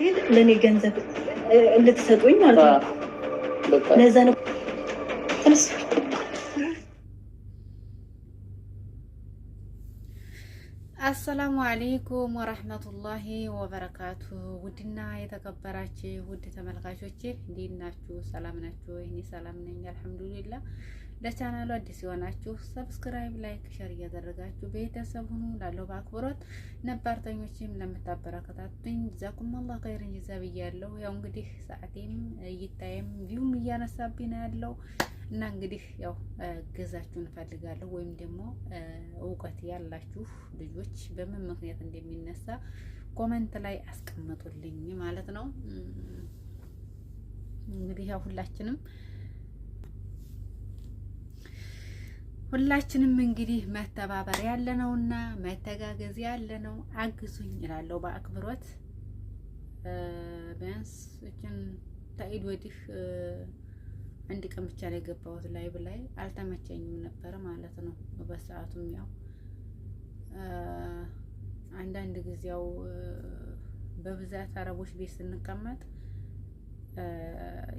ግን ለእኔ ገንዘብ እንድትሰጡኝ ማለት ነው። ለዛ ነው አሰላሙ አሌይኩም ወረህመቱላሂ ወበረካቱ። ውድና የተከበራችሁ ውድ ተመልካቾቼ እንዴት ናችሁ? ሰላም ናችሁ? እኔ ሰላም ነኝ፣ አልሐምዱሊላህ ለቻናሉ አዲስ የሆናችሁ ሰብስክራይብ፣ ላይክ፣ ሸር እያደረጋችሁ ቤተሰብ ሁኑ። ላለው በአክብሮት ነባርተኞችም ለምታበረከታትኝ ዛኩም አላህ ከይር እንጂዛብ እያለሁ ያው እንግዲህ ሰዓቴም እይታይም ቪውም እያነሳብኝ ነው ያለው እና እንግዲህ ያው ገዛችሁን እፈልጋለሁ ወይም ደግሞ እውቀት ያላችሁ ልጆች በምን ምክንያት እንደሚነሳ ኮመንት ላይ አስቀምጡልኝ ማለት ነው። እንግዲህ ያው ሁላችንም ሁላችንም እንግዲህ መተባበር ያለ ነውና መተጋገዝ ያለ ነው። አግዙኝ እላለሁ በአክብሮት ቢያንስ እችን ተኢድ ወዲህ አንድ ቀን ብቻ ላይ የገባሁት ላይ ብላይ አልተመቸኝም ነበር ማለት ነው። በሰዓቱም ያው አንዳንድ ጊዜው በብዛት አረቦች ቤት ስንቀመጥ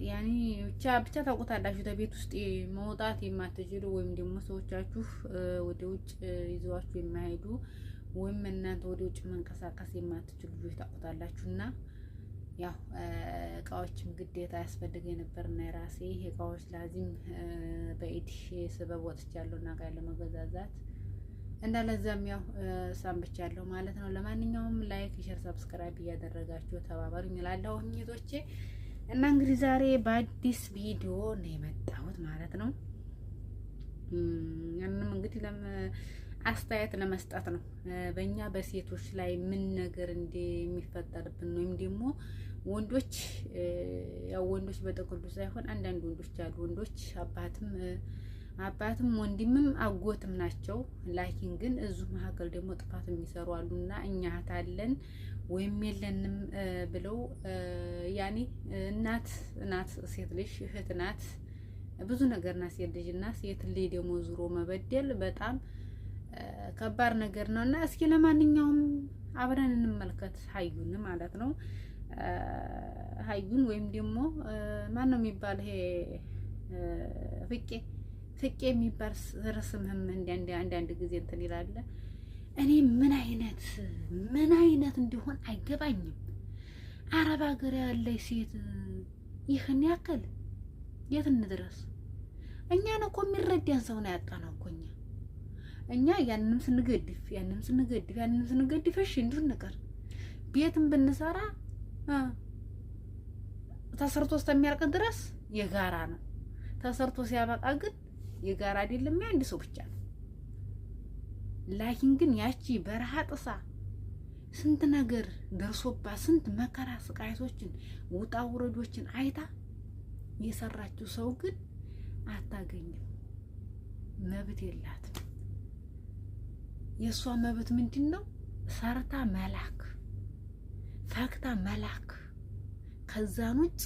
ያኔ ብቻ ብቻ ታውቁታላችሁ። ተቤት ውስጥ መውጣት የማትችሉ ወይም ደግሞ ሰዎቻችሁ ወደ ውጭ ይዘዋችሁ የማይሄዱ ወይም እናንተ ወደ ውጭ መንቀሳቀስ የማትችሉ ልጆች ታውቁታላችሁ። እና ያው እቃዎችም ግዴታ ያስፈልገ ነበር እና የራሴ እቃዎች ላዚም በኢድ ስበብ ወጥቻለሁ እና ጋር ለመገዛዛት እንዳለዛም ያው ሰንብቻለሁ ማለት ነው። ለማንኛውም ላይክ፣ ሼር፣ ሰብስክራይብ እያደረጋችሁ ተባበሩኝ እላለሁ እህቶቼ። እና እንግዲህ ዛሬ በአዲስ ቪዲዮ ነው የመጣሁት ማለት ነው። ያንም እንግዲህ አስተያየት ለመስጠት ነው። በእኛ በሴቶች ላይ ምን ነገር እንደሚፈጠርብን ነው ወይም ደግሞ ወንዶች ያው ወንዶች በጥቅሉ ሳይሆን አንዳንድ ወንዶች አሉ። ወንዶች አባትም አባትም ወንድምም አጎትም ናቸው። ላኪን ግን እዙ መካከል ደግሞ ጥፋት የሚሰሩ አሉና እኛ እህት አለን ወይም የለንም ብለው ያኔ እናት ናት፣ ሴት ልጅ እህት ናት፣ ብዙ ነገር ናት ሴት ልጅ እና ሴት ልጅ ደግሞ ዙሮ መበደል በጣም ከባድ ነገር ነው እና እስኪ ለማንኛውም አብረን እንመልከት ሀዩን ማለት ነው። ሀዩን ወይም ደግሞ ማን ነው የሚባል ይሄ ፍቄ ፍቄ የሚባል ርስምህም አንዳንድ ጊዜ እንትን ይላል እኔ ምን አይነት ምን አይነት እንዲሆን አይገባኝም። አረብ ሀገር ያለች ሴት ይህን ያክል የት እንድረስ? እኛን እኮ የሚረዳን ሰው ነው ያጣነው እኮ እኛ እኛ ያንንም ስንገድፍ ያንንም ስንገድፍ ያንንም ስንገድፍ እሺ እንዲሁ ንቀር ቤትም ብንሰራ ተሰርቶ እስከሚያልቅ ድረስ የጋራ ነው። ተሰርቶ ሲያበቃ ግን የጋራ አይደለም፣ የአንድ ሰው ብቻ ነው። ላኪን ግን ያቺ በረሃ ጥሳ ስንት ነገር ደርሶባት ስንት መከራ ስቃይቶችን ውጣ ውረዶችን አይታ የሰራችው ሰው ግን አታገኝም። መብት የላትም። የእሷ መብት ምንድን ነው? ሰርታ መላክ፣ ፈክታ መላክ። ከዛን ውጭ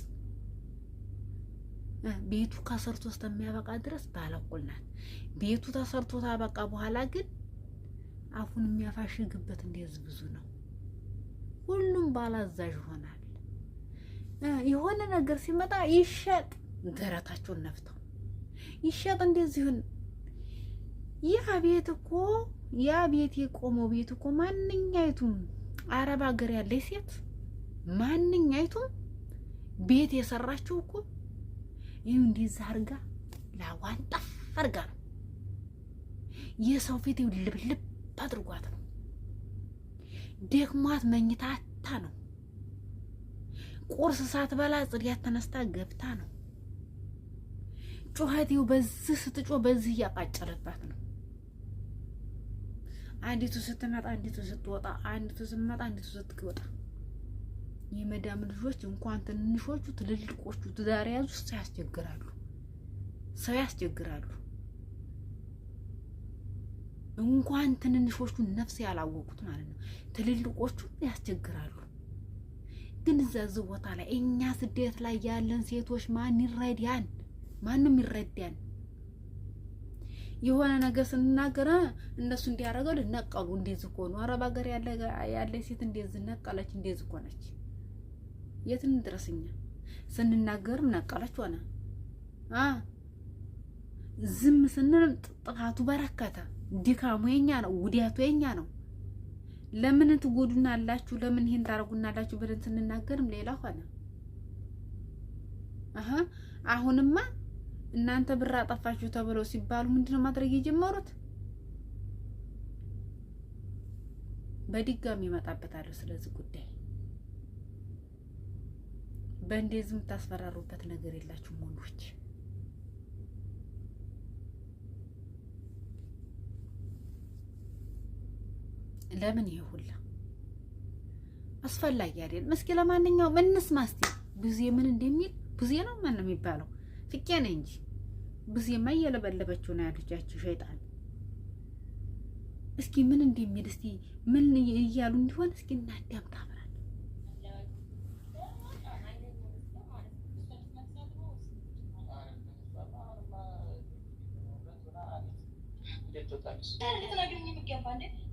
ቤቱ ከሰርቶ እስከሚያበቃ ድረስ ባለቁል ናት። ቤቱ ተሰርቶ ታበቃ በኋላ ግን አፉን የሚያፋሽግበት እንደዚህ ብዙ ነው። ሁሉም ባላዛዥ ይሆናል። የሆነ ነገር ሲመጣ ይሸጥ ደረታቸውን ነፍተው ይሸጥ እንደዚሁን ያ ቤት እኮ ያ ቤት የቆመው ቤት እኮ ማንኛይቱም አረብ ሀገር ያለች ሴት ማንኛይቱም ቤት የሰራችው እኮ ይህ እንዲዛ አርጋ ላዋንጣ አርጋ ነው የሰው ፊት ልብልብ አድርጓት ነው ደክሟት መኝታታ ነው። ቁርስ ሳትበላ ጽዳት ተነስታ ገብታ ነው። ጩኸቴው በዚህ ስትጮ በዚህ እያቃጨለባት ነው። አንዲቱ ስትመጣ አንዲቱ ስትወጣ፣ አንዲቱ ስትመጣ አንዲቱ ስትወጣ። የመዳም ልጆች እንኳን ትንሾቹ ትልልቆቹ ትዳር ያዙ ሰው ያስቸግራሉ፣ ሰው ያስቸግራሉ። እንኳን ትንንሾቹ ነፍስ ያላወቁት ማለት ነው ትልልቆቹ ያስቸግራሉ። ግን እዛዝ ቦታ ላይ እኛ ስደት ላይ ያለን ሴቶች ማን ይረዳን? ማንም ይረዳን። የሆነ ነገር ስንናገረ እነሱ እንዲያደረገው ልነቀሉ እንደዚህ እኮ አረብ ሀገር ያለ ሴት እንደዚህ ነቀለች፣ እንደዚህ እኮ የት እንድረስኛ እኛ ስንናገርም ነቀለች ሆነ። ዝም ስንልም ጥፋቱ በረከተ። ድካሙ የኛ ነው፣ ውዲያቱ የኛ ነው። ለምን ትጎዱና አላችሁ? ለምን ይሄን ታረጉና አላችሁ? ብለን ስንናገርም ሌላ ሆነ። አሀ አሁንማ እናንተ ብር አጠፋችሁ ተብለው ሲባሉ ምንድነው ማድረግ የጀመሩት? በድጋሚ ይመጣበታለሁ ስለዚህ ጉዳይ። በእንደዚህ የምታስፈራሩበት ነገር የላችሁም ወንዶች። ለምን ይሄ ሁላ አስፈላጊ አይደለም። እስኪ ለማንኛውም እንስማ እስኪ ብዙ ምን እንደሚል ብዙ ነው ማን ነው የሚባለው? ፍቄ ነኝ እንጂ ብዙማ እየለበለበችው ነው ያለቻችሁ ሸይጣን። እስኪ ምን እንደሚል እስኪ ምን እያሉ እንዲሆን እስኪ እናዳምጣ። እናዳም ታምራል። እንዴት እንዴ?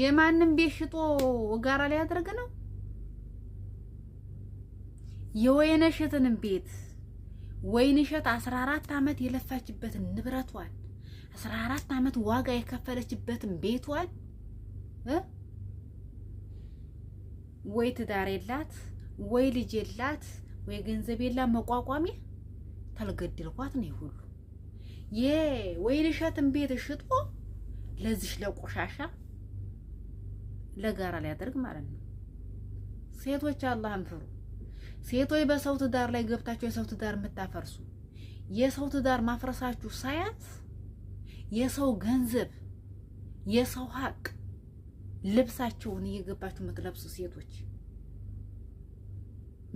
የማንም ቤት ሽጦ ጋራ ላይ ያደረገ ነው። የወይነሸትንም ቤት ወይንሸት 14 አመት የለፋችበትን ንብረቷን 14 አመት ዋጋ የከፈለችበትን ቤቷን ወይ ትዳር የላት ወይ ልጅ የላት ወይ ገንዘብ የላት መቋቋሚያ ተልገድልኳት ነው ሁሉ የወይንሸትን ቤት ሽጦ ለዚሽ ለቆሻሻ ለጋራ ሊያደርግ ማለት ነው። ሴቶች አላህን ፍሩ። ሴቶች በሰው ትዳር ላይ ገብታችሁ የሰው ትዳር የምታፈርሱ የሰው ትዳር ማፍረሳችሁ ሳያንስ የሰው ገንዘብ፣ የሰው ሀቅ ልብሳቸውን እየገባችሁ የምትለብሱ ሴቶች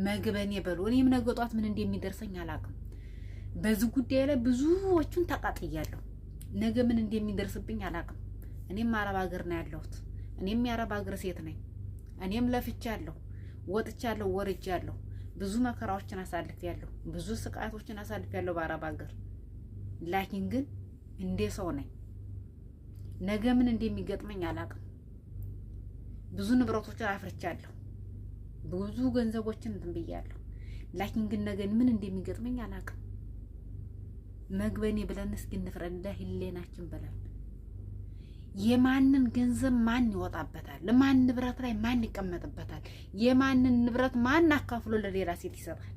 መግበኔ በሉ። እኔም ነገ ጧት ምን እንደሚደርሰኝ አላውቅም። በዚህ ጉዳይ ላይ ብዙዎቹን ተቃጥያለሁ። ነገ ምን እንደሚደርስብኝ አላውቅም። እኔም አረብ ሀገር ነው ያለሁት። እኔም የአረብ አገር ሴት ነኝ። እኔም ለፍቻለሁ፣ ወጥቻለሁ፣ ወርጃለሁ። ብዙ መከራዎችን አሳልፌያለሁ፣ ብዙ ስቃቶችን አሳልፌያለሁ በአረብ አገር። ላኪን ግን እንዴ ሰው ነኝ። ነገ ምን እንደሚገጥመኝ አላቅም። ብዙ ንብረቶችን አፍርቻለሁ፣ ብዙ ገንዘቦችን እንትን ብያለሁ። ላኪን ግን ነገ ምን እንደሚገጥመኝ አላቅም። መግበኔ ብለን እስኪ እንፍረዳ ህሌናችን ብለን የማንን ገንዘብ ማን ይወጣበታል? ለማን ንብረት ላይ ማን ይቀመጥበታል? የማንን ንብረት ማን አካፍሎ ለሌላ ሴት ይሰጣል?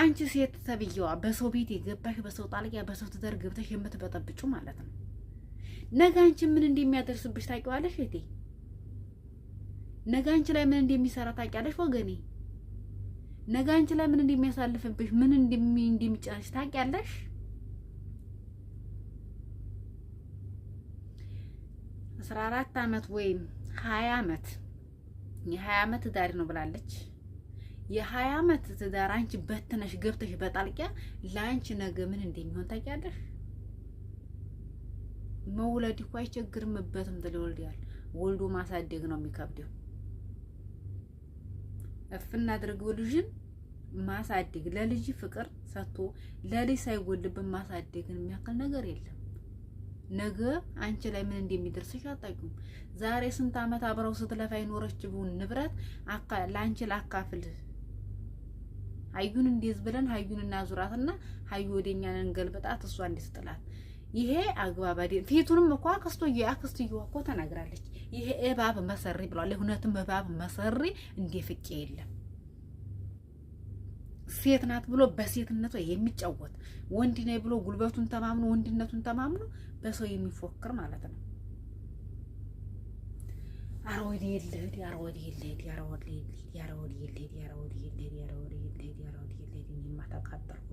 አንቺ ሴት ተብዬዋ በሰው ቤት የገባሽ በሰው ጣልቂያ በሰው ትዳር ገብተሽ የምትበጠብጩ ማለት ነው። ነገ አንቺ ምን እንደሚያደርስብሽ ታውቂዋለሽ እቴ። ነገ አንቺ ላይ ምን እንደሚሰራ ታውቂያለሽ ወገኔ። ነገ አንቺ ላይ ምን እንደሚያሳልፍብሽ ምን እንደሚጨርሽ ታውቂያለሽ። አስራ 14 አመት ወይም 20 አመት የ20 ዓመት ትዳር ነው ብላለች የሀያ አመት ዓመት ትዳር አንቺ በትነሽ ገብተሽ በጣልቂያ ለአንቺ ነገ ምን እንደሚሆን ታውቂያለሽ። መውለድ እኮ አይቸግርምበትም። ትልወልዲያል ወልዶ ማሳደግ ነው የሚከብደው። እፍና አድርገው ልጅን ማሳደግ ለልጅ ፍቅር ሰጥቶ ለልጅ ሳይጎልብን ማሳደግን የሚያክል ነገር የለም። ነገ አንቺ ላይ ምን እንደሚደርስሽ አታውቂም። ዛሬ ስንት ዓመት አብረው ስትለፋ የኖረችውን ንብረት ለአንቺ ላካፍል ሀዩን እንዲዝ ብለን ሀዩን እናዙራትና ሀዩ ወደኛ እንገልብጣት እሷ ጥላት ይሄ አግባባዴ ፊቱንም እኮ አክስቶዬ አክስትዬዋ እኮ ተናግራለች። ይሄ እባብ መሰሪ ብሏል። እውነትም እባብ መሰሪ እንደ ፍቄ የለም። ሴት ናት ብሎ በሴትነቷ የሚጫወት ወንድ ነኝ ብሎ ጉልበቱን ተማምኖ ወንድነቱን ተማምኖ በሰው የሚፎክር ማለት ነው። ኧረ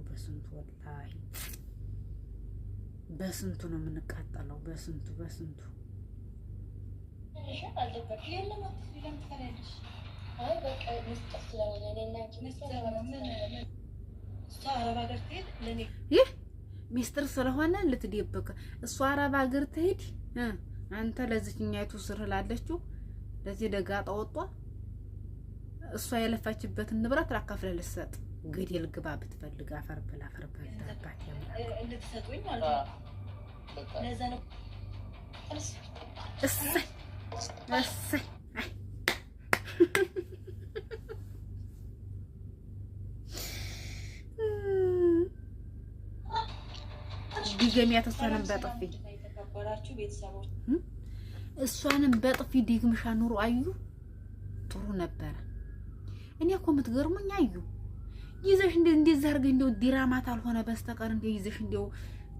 በስንቱ ወላሂ፣ በስንቱ ነው የምንቃጠለው፣ በስንቱ በስንቱ አይ በቃ መስጠት ስለሆነ ይህ ሚስጥር ስለሆነ ልትደብቅ እሷ አረብ ሀገር ትሄድ አንተ ለዚህኛይቱ ስር ላለችው ለዚህ ደጋ ጣወጧ እሷ የለፋችበትን ንብረት አካፍለህ ልትሰጥ ገደል ግባ ብትፈልግ አፈር ብላ አፈር ብላ ተባት እንድትሰጡኝ ማለት ነው። ለዛ ነው እሰይ እሰይ ድገሚያት እሷንም በጥፊ እሷንም በጥፊ ደግምሻ ኑሮ አዩ ጥሩ ነበረ። እኔ እኮ የምትገርሙኝ አዩ ይዘሽ እንደ እንደዛ አድርገሽ እንደው ዲራማት አልሆነ በስተቀር እንደው ይዘሽ እንደው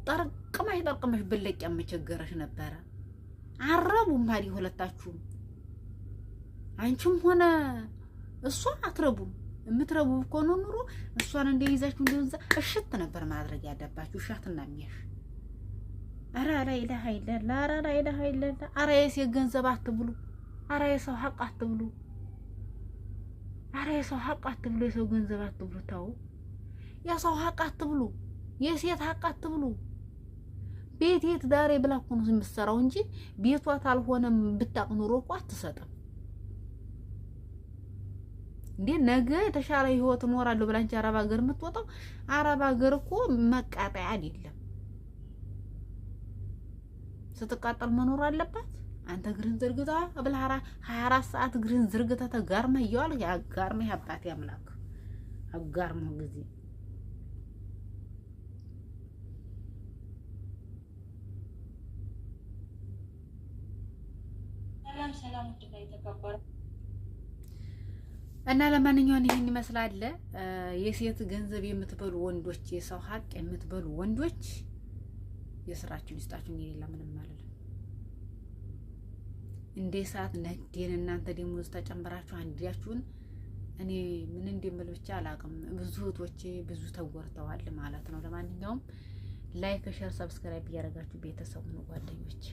ጠርቅመሽ ጠርቅመሽ ብለቅ ያመቸገረሽ ነበረ። አረቡ ማሪ ሁለታችሁም አንቺም ሆነ እሷ አትረቡም። የምትረቡ እኮ ነው ኑሮ እሷን እንደይዛችሁ እንደዛ እሽት ነበር ማድረግ ያለባችሁ እሻትና የሚያሽ ኧረ ላኢላሀ ኢለላህ ኧረ ላኢላሀ ኢለላህ ኧረ የሴት ገንዘብ አትብሉ። ኧረ የሰው ሀቅ አትብሉ። ኧረ የሰው ሀቅ አትብሉ። የሰው ገንዘብ አትብሉ። ተው፣ የሰው ሀቅ አትብሉ። የሴት ሀቅ አትብሉ። ቤት የት ዳሬ ብላ እኮ ነው የምትሰራው እንጂ ቤቷ ታልሆነም ብታቅ ኑሮ እኮ አትሰጥም። እንዴ ነገ የተሻለ ህይወት እኖራለሁ ብላ እንጂ አረብ ሀገር የምትወጣው አረብ ሀገር እኮ መቃጠያ አይደለም። ስትቃጠል መኖር አለባት። አንተ ግርን ዝርግታ ብላ ሀያ አራት ሰዓት ግርን ዝርግታ ተጋርመ እየዋል ያጋርመ አባቴ አምላክ አጋርመ ጊዜ እና ለማንኛውም ይህን ይመስላል። የሴት ገንዘብ የምትበሉ ወንዶች፣ የሰው ሀቅ የምትበሉ ወንዶች የስራችሁን ይስጣችሁ። እኔ ሌላ ምንም አልልም። እንዴ ሰዓት ነዴን እናንተ ደሞዝ ተጨምራችሁ አንዲያችሁን እኔ ምን እንደምል ብቻ አላውቅም። ብዙ እህቶቼ ብዙ ተወርተዋል ማለት ነው። ለማንኛውም ላይክ፣ ሸር፣ ሰብስክራይብ እያደረጋችሁ ቤተሰቡን ጓደኞች